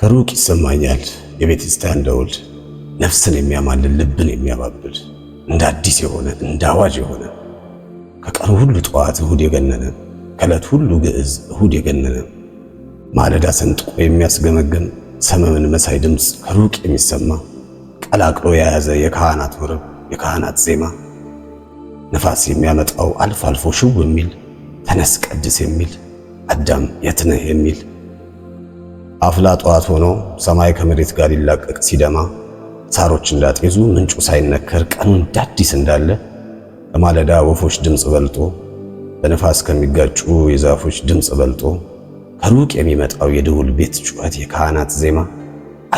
ከሩቅ ይሰማኛል የቤተክርስቲያን ደውል፣ ነፍስን የሚያማልን ልብን የሚያባብል እንደ አዲስ የሆነ እንደ አዋጅ የሆነ ከቀኑ ሁሉ ጠዋት እሁድ የገነነ ከዕለት ሁሉ ግዕዝ እሁድ የገነነ ማለዳ ሰንጥቆ የሚያስገመግም ሰመምን መሳይ ድምፅ ከሩቅ የሚሰማ ቀላቅሎ የያዘ የካህናት ወረብ የካህናት ዜማ ነፋስ የሚያመጣው አልፎ አልፎ ሽው የሚል ተነስ ቀድስ የሚል አዳም የትነህ የሚል አፍላ ጠዋት ሆኖ ሰማይ ከመሬት ጋር ይላቀቅ ሲደማ ሳሮች እንዳጤዙ ምንጩ ሳይነከር ቀኑ እንዳዲስ እንዳለ በማለዳ ወፎች ድምፅ በልጦ በነፋስ ከሚጋጩ የዛፎች ድምፅ በልጦ ከሩቅ የሚመጣው የደውል ቤት ጩኸት፣ የካህናት ዜማ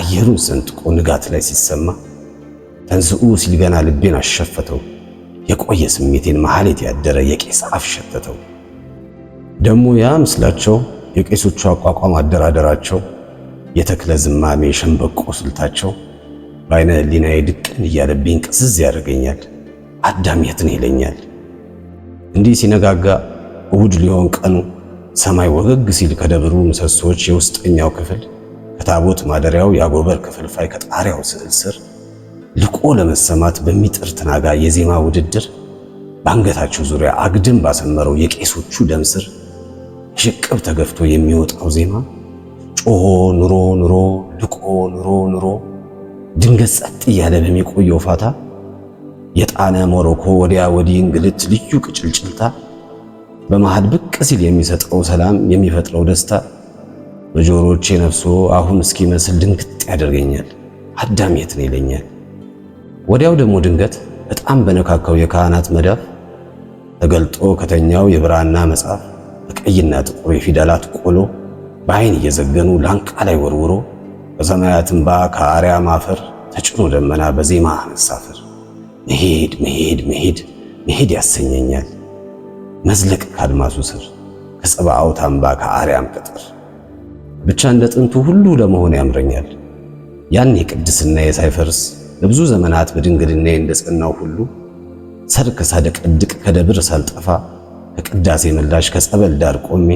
አየሩን ሰንጥቆ ንጋት ላይ ሲሰማ ተንስኡ ሲል ገና ልቤን አሸፈተው የቆየ ስሜቴን መሐሌት ያደረ የቄስ አፍ ሸተተው። ደሞ ያ ምስላቸው የቄሶቹ አቋቋም አደራደራቸው የተክለ ዝማሜ ሸምበቆ ስልታቸው በአይነ ህሊናዬ ድቅን እያለብኝ ቅዝዝ ያደርገኛል። አዳም የት ይለኛል። እንዲህ ሲነጋጋ እሁድ ሊሆን ቀኑ ሰማይ ወገግ ሲል ከደብሩ ምሰሶዎች የውስጠኛው ክፍል ከታቦት ማደሪያው የአጎበር ክፍልፋይ ከጣሪያው ስዕል ስር ልቆ ለመሰማት በሚጥር ትናጋ የዜማ ውድድር በአንገታቸው ዙሪያ አግድም ባሰመረው የቄሶቹ ደም ስር ሽቅብ ተገፍቶ የሚወጣው ዜማ ጮሆ ኑሮ ኑሮ ልቆ ኑሮ ኑሮ ድንገት ጸጥ እያለ በሚቆየው ፋታ የጣነ ሞሮኮ ወዲያ ወዲህ እንግልት ልዩ ቅጭልጭልታ በመሃል ብቅ ሲል የሚሰጠው ሰላም የሚፈጥረው ደስታ በጆሮቼ ነፍሶ አሁን እስኪመስል ድንግጥ ያደርገኛል። አዳም የት ነው ይለኛል። ወዲያው ደግሞ ድንገት በጣም በነካካው የካህናት መዳፍ ተገልጦ ከተኛው የብራና መጽሐፍ በቀይና ጥቁር የፊደላት ቆሎ በአይን እየዘገኑ ላንቃ ላይ ወርውሮ በሰማያት እንባ ከአርያም አፈር ተጭኖ ደመና በዜማ አነሳፍር መሄድ መሄድ መሄድ መሄድ ያሰኘኛል መዝለቅ ከአድማሱ ስር ከጸባዖት አምባ ከአርያም ቅጥር ብቻ እንደ ጥንቱ ሁሉ ለመሆን ያምረኛል። ያን የቅድስና የሳይፈርስ ለብዙ ዘመናት በድንግልና እንደጸናው ሁሉ ሰርክ ሳደቀድቅ ከደብር ሳልጠፋ ከቅዳሴ ምላሽ ከጸበል ዳር ቆሜ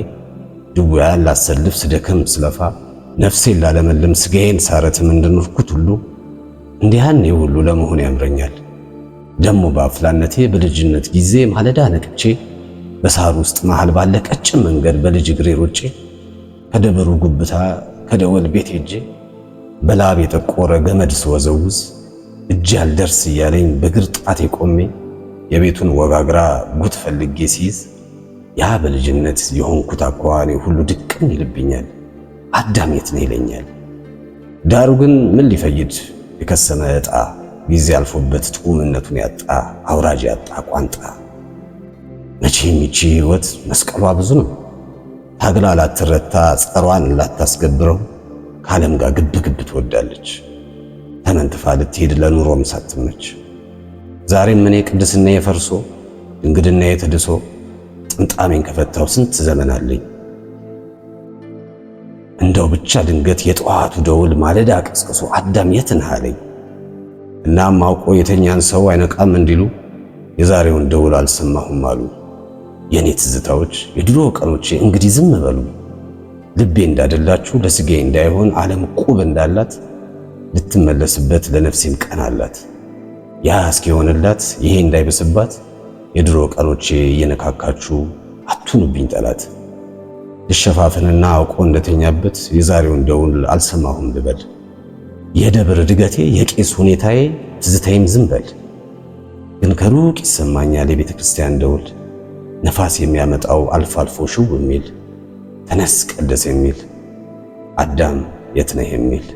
ድውያን ላሰልፍ ስደክም ስለፋ ነፍሴን ላለመልም ስጋዬን ሳረትም እንደኖርኩት ሁሉ እንዲያን ሁሉ ለመሆን ያምረኛል። ደሞ በአፍላነቴ በልጅነት ጊዜ ማለዳ ነቅቼ በሳር ውስጥ መሃል ባለ ቀጭን መንገድ በልጅ እግሬ ሮጬ ከደብሩ ጉብታ ከደወል ቤት ሄጄ በላብ የጠቆረ ገመድ ስወዘውዝ እጅ ያልደርስ እያለኝ በግር ጣቴ ቆሜ የቤቱን ወጋግራ ጉት ፈልጌ ሲይዝ ያ በልጅነት የሆንኩት አኳኋኔ ሁሉ ድቅን ይልብኛል። አዳም የት ነው ይለኛል። ዳሩ ግን ምን ሊፈይድ የከሰመ ዕጣ ጊዜ አልፎበት ጥዑምነቱን ያጣ አውራጅ ያጣ ቋንጣ። መቼም ይቺ ሕይወት መስቀሏ ብዙ ነው። ታግላ ላትረታ ጸሯን ላታስገብረው ከዓለም ጋር ግብ ግብ ትወዳለች። ተመንትፋ ልትሄድ ለኑሮም ሳትመች ዛሬም እኔ ቅድስና የፈርሶ ድንግድና የተድሶ ጥምጣሜን ከፈታው ስንት ዘመን አለኝ። እንደው ብቻ ድንገት የጠዋቱ ደውል ማለዳ ቀስቅሶ አዳም የት ነህ አለኝ። እናም አውቆ የተኛን ሰው አይነቃም እንዲሉ የዛሬውን ደውል አልሰማሁም አሉ። የኔ ትዝታዎች፣ የድሮ ቀኖቼ እንግዲህ ዝም በሉ። ልቤ እንዳደላችሁ ለስጋዬ እንዳይሆን ዓለም ቁብ እንዳላት ልትመለስበት ለነፍሴም ቀን አላት። ያ እስኪሆንላት ይሄ እንዳይበስባት የድሮ ቀኖቼ እየነካካችሁ አትኑብኝ ጠላት ልሸፋፍንና አውቆ እንደተኛበት የዛሬውን ደውል አልሰማሁም ልበል። የደብር እድገቴ የቄስ ሁኔታዬ ትዝታይም ዝምበል ግን ከሩቅ ይሰማኛል የቤተ ክርስቲያን ደውል ነፋስ የሚያመጣው አልፎ አልፎ ሽው የሚል ተነስ ቀደስ የሚል አዳም የት ነህ የሚል